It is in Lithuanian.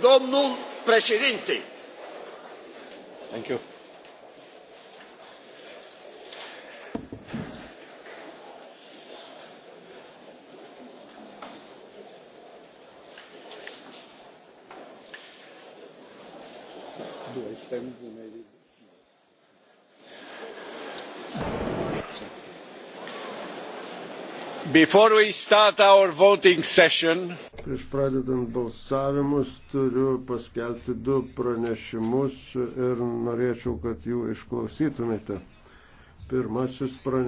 domnul președinte. Thank you. Do I stand? Maybe. Session, Prieš pradedant balsavimus turiu paskelbti du pranešimus ir norėčiau, kad jų išklausytumėte. Pirmasis pranešimas.